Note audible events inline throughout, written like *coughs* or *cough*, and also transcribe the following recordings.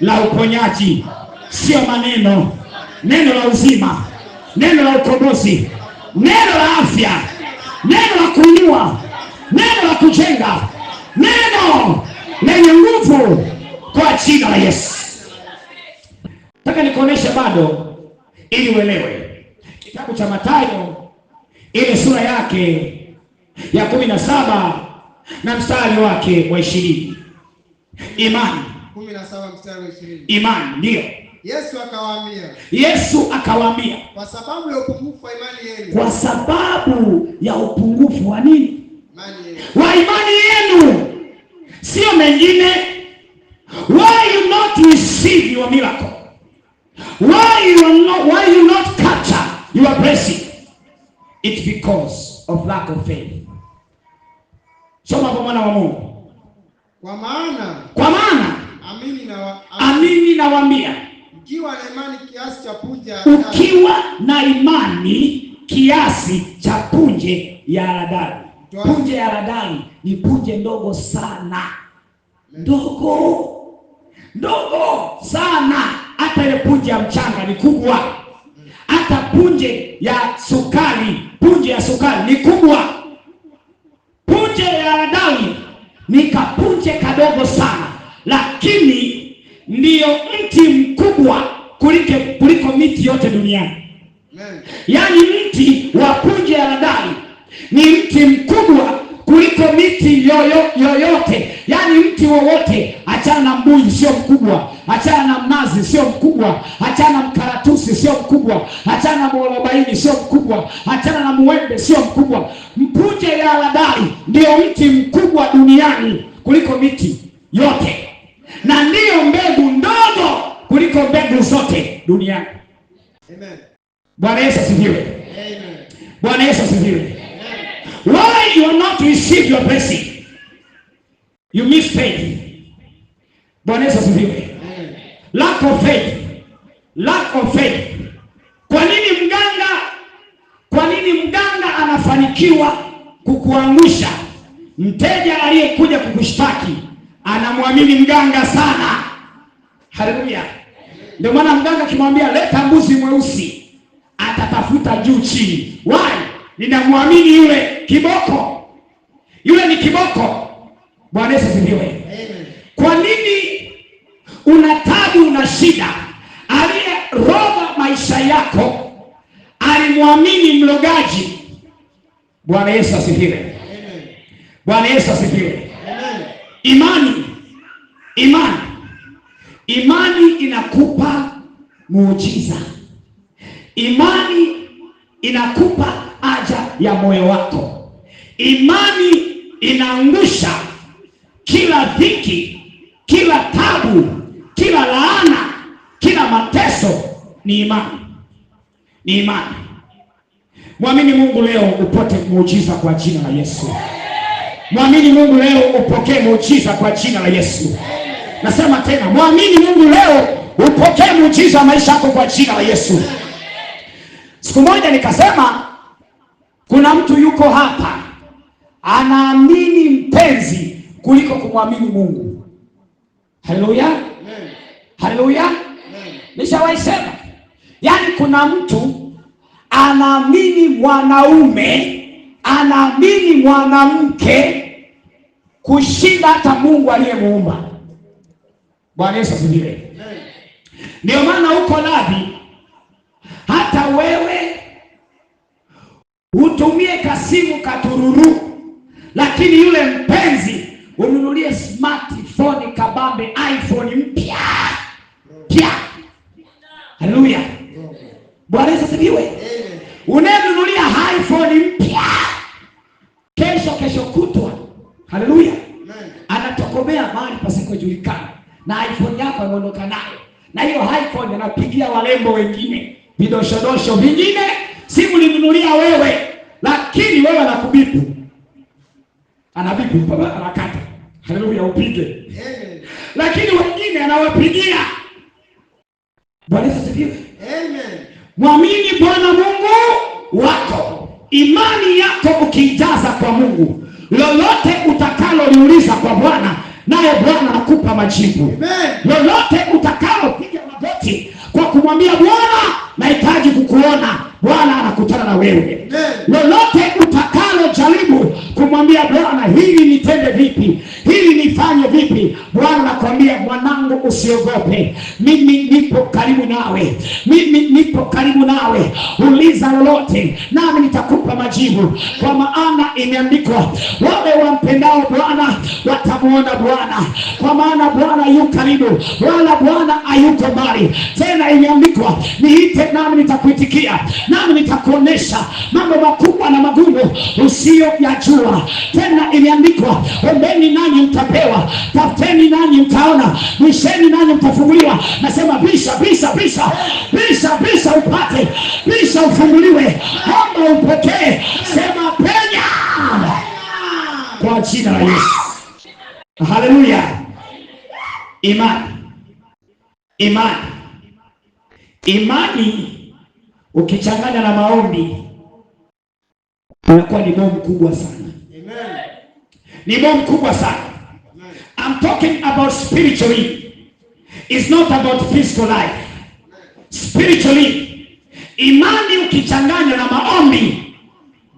la uponyaji, sio maneno, neno la uzima, neno la ukombozi, neno la afya, neno la kuinua, neno la kujenga, neno lenye nguvu kwa jina la Yesu. Nataka nikuonyeshe bado, ili uelewe kitabu cha Mathayo ile sura yake ya kumi na saba na mstari wake wa ishirini imani Imani ndio. Yesu akawaambia. Kwa sababu ya upungufu wa nini? Wa imani yenu. Sio mengine. Why you not receive your miracle? Why you are not why you not capture your blessing? It's because of lack of faith. Soma kwa mwana wa Mungu. Kwa maana. Kwa maana Amini na nawaambia, na imani kiasi cha punje ya ukiwa na imani kiasi cha punje ya haradali. Punje ya haradali ni punje ndogo sana, ndogo ndogo sana. Hata ile punje ya mchanga ni kubwa, hata punje ya sukari, punje ya sukari ni kubwa. Punje ya haradali ni kapunje kadogo sana lakini ndiyo mti mkubwa kuliko kuliko miti yote duniani. Yaani mti wa punje ya Adari ni mti mkubwa kuliko miti yoyo, yoyote yaani mti wowote. Achana na mbuyu, sio mkubwa. Achana na mnazi, sio mkubwa. Achana na mkaratusi, sio mkubwa. Achana na mwarobaini, sio mkubwa. Achana na muwembe sio mkubwa. Mpunje ya haradali ndio mti mkubwa duniani kuliko miti yote na ndiyo mbegu ndogo kuliko mbegu zote duniani. Bwana Yesu asifiwe. Bwana Yesu asifiwe. Why you are not receive your blessing? You miss faith. Bwana Yesu asifiwe. Lack of faith. Lack of faith. Kwa nini mganga? Kwa nini mganga anafanikiwa kukuangusha mteja aliyekuja kukushtaki anamwamini mganga sana. Haleluya! Ndio maana mganga akimwambia leta mbuzi mweusi atatafuta juu chini. Why? Ninamwamini yule kiboko, yule ni kiboko. Bwana Yesu asifiwe. Kwa nini una tabu, una shida? Aliyerova maisha yako alimwamini mlogaji. Bwana Yesu asifiwe. Bwana Yesu asifiwe. Imani Imani, imani inakupa muujiza. Imani inakupa haja ya moyo wako. Imani inaangusha kila dhiki, kila tabu, kila laana, kila mateso. Ni imani, ni imani. Mwamini Mungu leo, upote muujiza kwa jina la Yesu. Mwamini Mungu leo, upokee muujiza kwa jina la Yesu. Nasema tena, mwamini Mungu leo, upokee muujiza maisha yako kwa jina la Yesu. Siku moja nikasema kuna mtu yuko hapa anaamini mpenzi kuliko kumwamini Mungu. Haleluya, haleluya. Nishawahi sema, yaani kuna mtu anaamini mwanaume, anaamini mwanamke kushinda hata Mungu aliyemuumba. Bwana Yesu asifiwe. Ndio maana uko radhi hata wewe utumie kasimu katururu, lakini yule mpenzi ununulie smartphone kabambe, iPhone mpya pia. Haleluya, Bwana Yesu asifiwe. Unayenunulia iPhone mpya kesho kesho kutwa, haleluya, anatokomea mahali pasikojulikana na iPhone yako imeondoka nayo, na hiyo iPhone anapigia warembo wengine, vidoshodosho vingine, simu linunulia wewe, lakini wewe anakubipu, anabipu, anakata haleluya, upige lakini wengine anawapigia. Bwana asifiwe, amen. Mwamini Bwana Mungu wako, imani yako ukiijaza kwa Mungu, lolote utakaloliuliza kwa Bwana naye Bwana akupa majibu. Lolote utakalopiga magoti kwa kumwambia Bwana, nahitaji kukuona, Bwana anakutana na wewe. Lolote utakalojaribu kumwambia Bwana, hili nitende vipi, hili nifanye vipi? Bwana nakwambia mwanangu, usiogope, mimi nipo karibu nawe, mimi nipo karibu nawe, uliza lolote nami nitakupa majibu, kwa maana imeandikwa, wale wampendao Bwana watamwona Bwana, kwa maana Bwana yu karibu, wala Bwana hayuko mbali. Tena imeandikwa, niite nami nitakuitikia, nami nitakuonesha mambo makubwa na magumu usiyoyajua. Tena imeandikwa, ombeni nani nanyi mtapewa, tafuteni nanyi mtaona, bisheni nanyi mtafunguliwa. Nasema bisha, bisha, bisha, bisha, bisha upate, bisha ufunguliwe, omba upokee, sema penya kwa jina la Yesu. Haleluya! Imani, imani, imani ukichanganya na maombi unakuwa ni bomu kubwa sana. Amen. Ni bomu kubwa sana. I'm talking about spiritually. It's not about physical life. Spiritually, imani ukichanganya na maombi,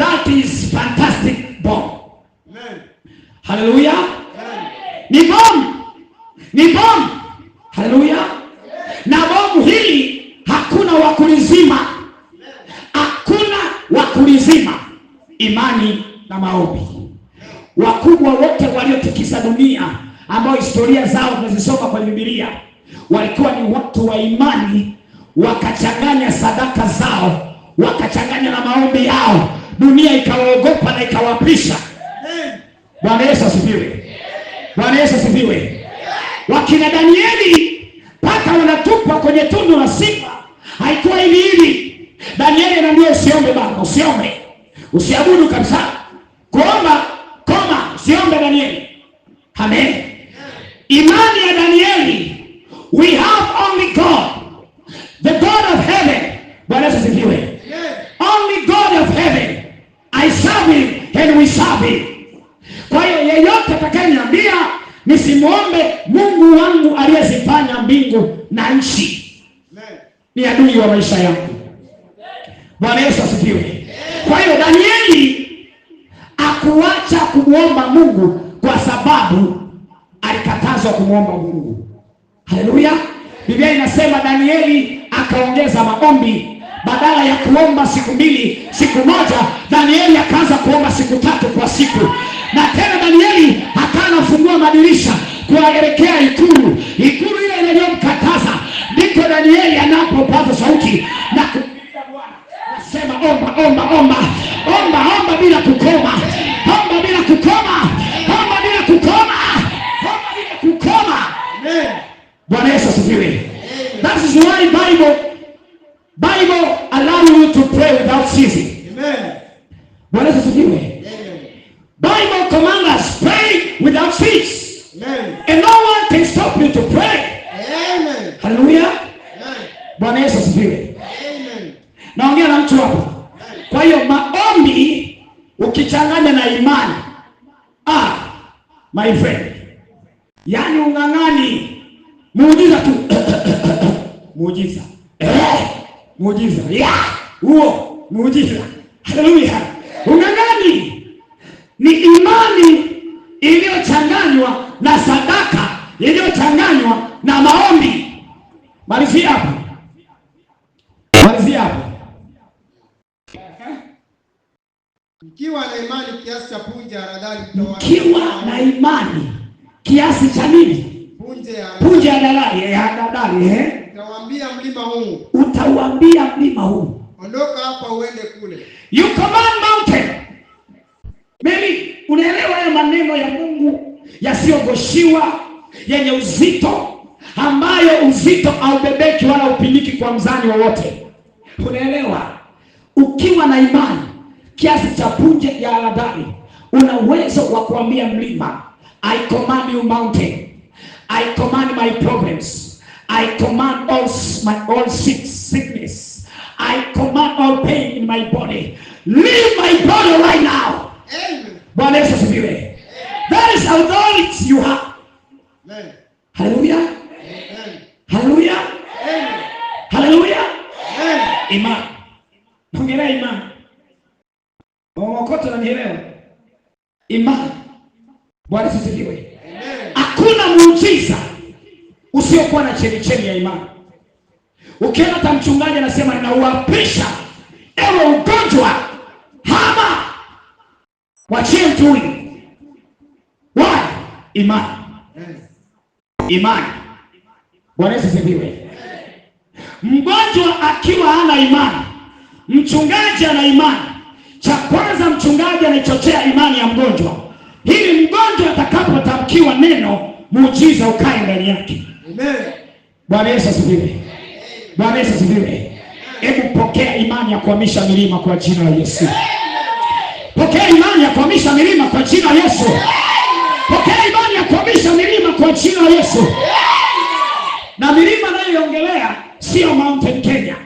that is fantastic bomb. Hallelujah. Ni bomb. Ni bomb. Hallelujah. Na bomu hili hakuna wa kulizima. Hakuna wa kulizima. Imani na maombi. Wakubwa wote waliotikisa dunia ambao historia zao tunazisoma kwenye Biblia, walikuwa ni watu wa imani, wakachanganya sadaka zao, wakachanganya na maombi yao, dunia ikawaogopa na ikawapisha. Bwana Yesu asifiwe! Bwana Yesu asifiwe! Wakina Danieli mpaka wanatupwa kwenye tundu la simba, haikuwa hivi hivi. Danieli anaambia usiombe baba, usiombe, usiabudu kabisa, kuomba koma, usiombe Danieli. Amen. Imani ya Danieli, we have only God, the God of heaven. Bwana asifiwe. Only God of heaven I serve him and we serve him. Kwa hiyo yeyote atakayeniambia nisimwombe Mungu wangu aliyezifanya mbingu na nchi ni adui wa maisha yangu. Bwana Yesu asifiwe. Kwa hiyo Danieli akuacha kumwomba Mungu kwa sababu alikatazwa kumwomba Mungu. Haleluya! Biblia inasema Danieli akaongeza maombi, badala ya kuomba siku mbili siku moja, Danieli akaanza kuomba siku tatu kwa siku, na tena Danieli akawa anafungua madirisha kuelekea ikulu. Ikulu ile inayomkataza ndipo Danieli anapopata sauti na kumwambia Bwana, nasema omba, omba, omba ukichanganya na imani ah, my friend, yani ung'ang'ani muujiza tu *coughs* muujiza eh, muujiza huo muujiza. Haleluya! Ung'ang'ani ni imani iliyochanganywa na sadaka iliyochanganywa na maombi. Malizia hapo, malizia hapo. Mkiwa na imani kiasi cha punje haradali na imani kiasi cha nini? Punje ya dalali ya dadali eh? Utawaambia mlima huu. Utawaambia mlima huu. Ondoka hapa uende kule. You command mountain. Mimi unaelewa haya maneno ya Mungu yasiyogoshiwa yenye uzito ambayo uzito haubebeki wala upindiki kwa mzani wowote. Unaelewa? Ukiwa na imani kiasi cha punje ya haradali. Una uwezo wa kuambia mlima, I command you mountain, I command my problems, I command all my all sickness, I command all pain in my body, leave my body right now. Bwana Yesu asifiwe. That is authority you have. Haleluya, haleluya, haleluya. Imani, ongelea imani waokote wananielewa. Imani. Bwana asifiwe. Hakuna muujiza usiokuwa na chemichemi ya imani. Ukienda hata mchungaji anasema ninauapisha ewe ugonjwa, hama, wachie mtu huyu. Why? Imani. Imani. Bwana asifiwe. Mgonjwa akiwa hana imani, mchungaji ana imani cha kwanza, mchungaji anaichochea imani ya mgonjwa, ili mgonjwa atakapotamkiwa neno, muujiza ukae ndani yake. Amen. Bwana Yesu asifiwe. Bwana Yesu asifiwe. Hebu pokea imani ya kuhamisha milima kwa jina la Yesu. Pokea imani ya kuhamisha milima kwa jina la Yesu. Pokea imani ya kuhamisha milima kwa jina la Yesu. Na milima nayoiongelea sio Mountain Kenya,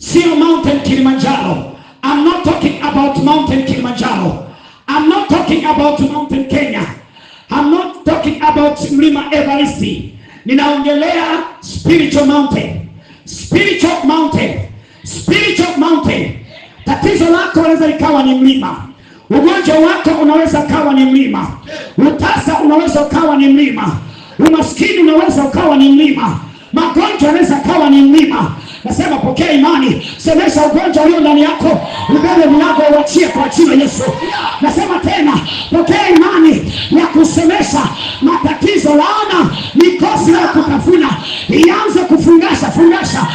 sio Mountain Kilimanjaro I'm not talking about mountain Kilimanjaro. I'm not talking about mountain Kenya. I'm not talking about mlima Everest. Ninaongelea spiritual mountain, spiritual mountain, spiritual mountain. Tatizo lako unaweza likawa ni mlima, ugonjwa wako unaweza ukawa ni mlima, utasa unaweza ukawa ni mlima, umaskini unaweza ukawa ni mlima, magonjwa yanaweza kawa ni mlima Nasema pokea imani, semesha ugonjwa ulio ndani yako, ubebe mlango, uachie kwa jina Yesu. Nasema tena, pokea imani ya kusemesha matatizo, laana, mikosi ya kutafuna ianze kufungasha fungasha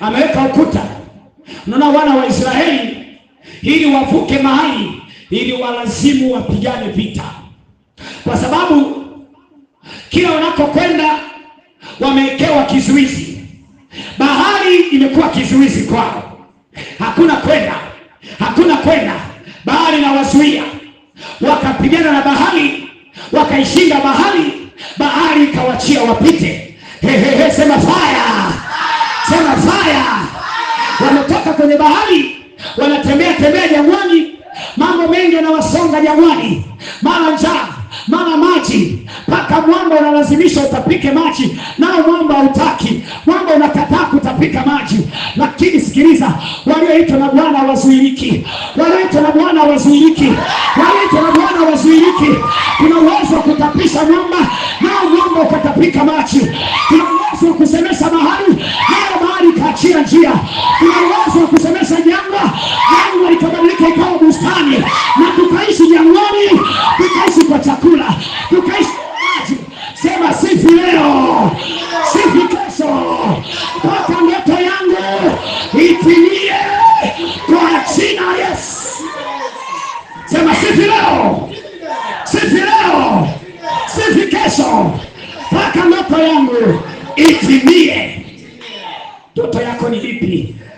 ameweka ukuta. Unaona wana wa Israeli ili wavuke mahali, ili walazimu wapigane vita, kwa sababu kila wanakokwenda wamewekewa kizuizi. Bahari imekuwa kizuizi kwao, hakuna kwenda, hakuna kwenda. Bahari inawazuia, wakapigana na bahari, wakaishinda bahari, bahari ikawachia wapite. Hehehe, sema fire! sema faya. Wametoka kwenye bahari, wanatembea tembea jangwani, mambo mengi yanawasonga jangwani, mara njaa maana maji mpaka mwamba unalazimisha utapike maji, nao mwamba hautaki, mwamba unakataa kutapika maji. Lakini sikiliza, walioitwa na Bwana wazuiriki walioitwa na Bwana wazuiriki walioitwa na Bwana hawazuiliki. Kuna uwezo wa kutapisha mwamba, nao mwamba ukatapika maji. Kuna uwezo wa kusemesha mahali, nao mahali kuachia njia. Una uwezo wa kusemesha jangwa, jangwa likabadilika ikawa bustani, na tukaishi jangwani, tukaishi kwa chakula, tukaishi kwa maji. Sema sifi leo, sifi kesho.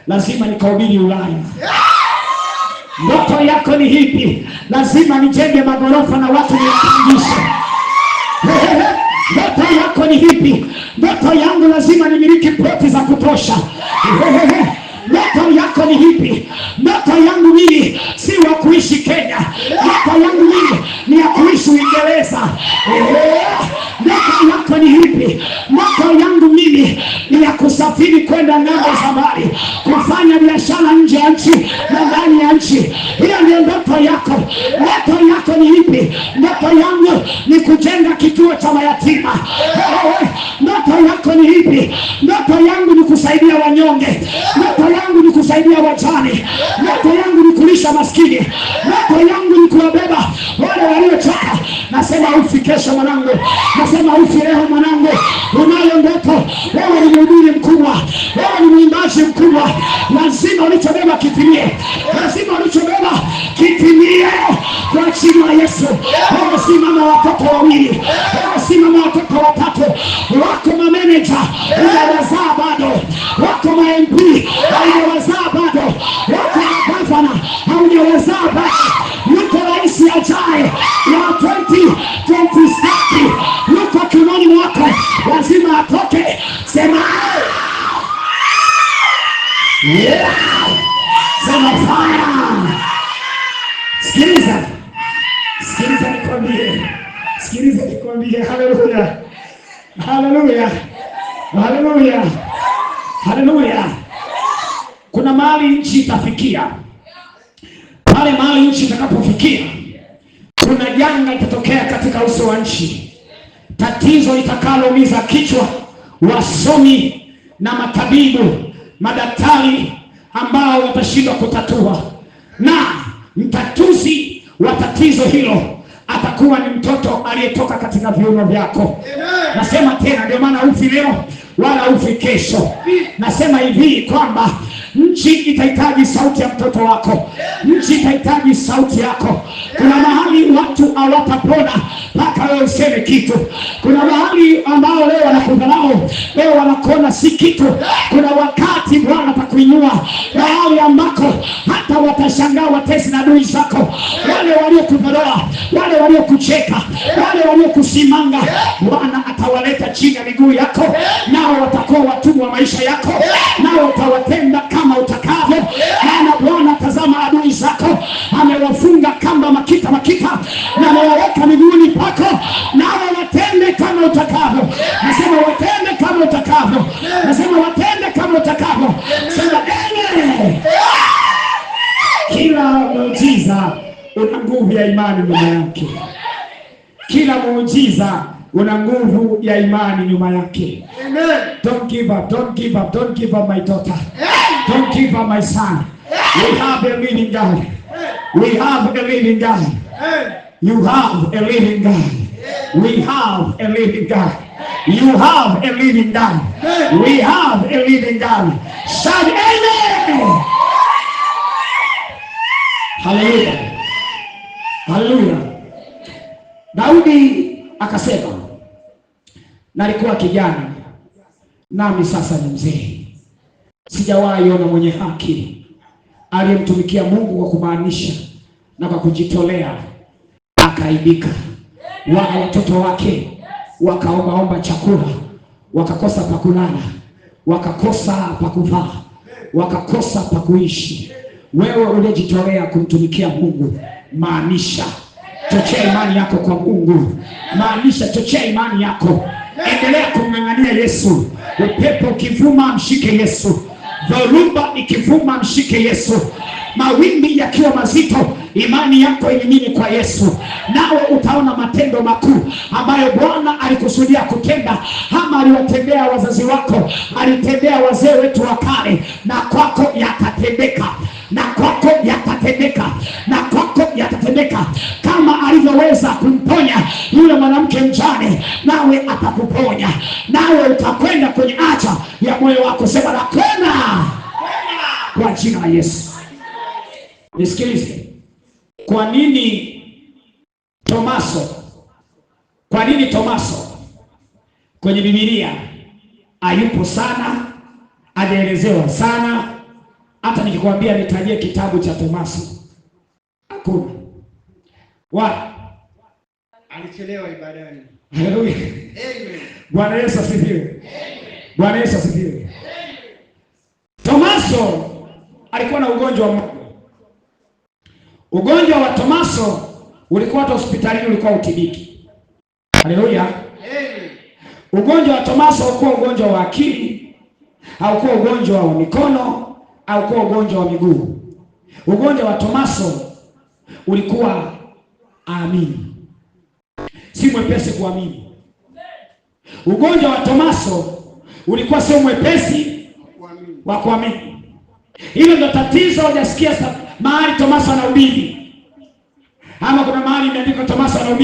lazima nikaubiri Ulaya. Ndoto yako ni hipi? Lazima nijenge magorofa na watu niwapangishe. Ndoto yako ni hipi? Ndoto yangu lazima nimiliki ploti za kutosha. Ndoto yako ni hipi? Ndoto yangu mimi si wa kuishi Kenya. Ndoto yangu mimi ni ya kuishi Uingereza. Ndoto yako ni hipi? Ndoto yangu mimi ni ya kusafiri kwenda na on there. maisha mwanangu, nasema ufi leo mwanangu, unayo ndoto wewe, ni mhubiri mkubwa, wewe ni mwimbaji mkubwa, lazima ulichobeba kitimie, lazima ulichobeba kitimie kwa jina la Yesu. Wewe si mama watoto wawili, wewe si mama watoto watatu, wako mameneja hujawazaa bado, wako mamp haujawazaa bado, wako magavana haujawazaa bado yako rais ajaye ya 2027 yuko kinoni mwako, lazima atoke. Sema Sema fire. Sikiliza, sikiliza nikwambie, sikiliza nikwambie. Haleluya, haleluya, haleluya, haleluya. Kuna mahali nchi itafikia pale mahali nchi itakapofikia, kuna janga litatokea katika uso wa nchi, tatizo litakalomiza kichwa wasomi na matabibu, madaktari ambao watashindwa kutatua, na mtatuzi wa tatizo hilo atakuwa ni mtoto aliyetoka katika viuno vyako. Nasema tena, ndio maana ufi leo wala ufi kesho. Nasema hivi kwamba Nchi itahitaji sauti ya mtoto wako, nchi itahitaji sauti yako. Kuna mahali watu hawatapona mpaka wewe useme kitu. Kuna mahali ambao leo wanakudharau, leo wanakuona si kitu. Kuna wakati Bwana atakuinua mahali ambako hata watashangaa watesi na adui zako, wale waliokudharau, wale waliokucheka, wale waliokusimanga. Bwana atawaleta chini ya miguu yako, nao watakuwa watumwa wa maisha yako, nao watawatenda kama utakavyo, maana Bwana tazama, adui zako amewafunga kamba makita makita, na amewaweka miguuni pako, nawe watende kama utakavyo. Nasema watende kama utakavyo, nasema watende kama utakavyo. Sema kila muujiza una nguvu ya imani nyuma yake, kila muujiza una nguvu ya imani nyuma yake. Amen. Don't give up. Don't give up. Don't give up, my daughter. Amen. Don't give up, my son. Amen. We have a living God. Amen. We have a living God. Amen. You have a living God. Amen. We have a living God. Amen. You have a living God. Amen. We have a living God. Amen. Shout amen. Hallelujah. Hallelujah. Daudi akasema, nalikuwa kijana nami sasa ni mzee, sijawahi ona mwenye haki aliyemtumikia Mungu kwa kumaanisha na kwa kujitolea akaibika, wala watoto wake wakaombaomba chakula, wakakosa pa kulala, wakakosa pa kuvaa, wakakosa pa kuishi. Wewe uliyejitolea kumtumikia Mungu, maanisha, chochea imani yako kwa Mungu, maanisha, chochea imani yako Endelea kumng'ang'ania Yesu. Upepo ukivuma, mshike Yesu. Dhoruba ikivuma, mshike Yesu mawimbi yakiwa mazito, imani yako ilimini kwa Yesu, nawe utaona matendo makuu ambayo Bwana alikusudia kutenda. ama aliwatendea wazazi wako, alitendea wazee wetu wa kale, na kwako yatatendeka, na kwako yatatendeka, na kwako yatatendeka kama alivyoweza kumponya yule mwanamke mjane, nawe atakuponya, nawe utakwenda kwenye acha ya moyo wako. Sema nakwenda kwa jina la Yesu. Nisikilize, kwa nini Tomaso, kwa nini Tomaso kwenye Biblia hayupo sana, hajaelezewa sana? Hata nikikwambia nitajie kitabu cha Tomaso, hakuna wa alichelewa ibadani. Bwana Yesu asifiwe. Bwana Yesu asifiwe. Tomaso alikuwa na ugonjwa wa Ugonjwa wa Tomaso ulikuwa hata hospitalini ulikuwa utibiki. Haleluya! Ugonjwa wa Tomaso haukuwa ugonjwa wa akili, haukuwa ugonjwa wa mikono, haukuwa ugonjwa wa miguu. Ugonjwa wa Tomaso ulikuwa aamini, si mwepesi kuamini. Ugonjwa wa Tomaso ulikuwa sio mwepesi wa kuamini. Hilo ndio tatizo. Hujasikia mahali Tomaso anahubiri ama kuna mahali imeandikwa Tomaso anahubiri.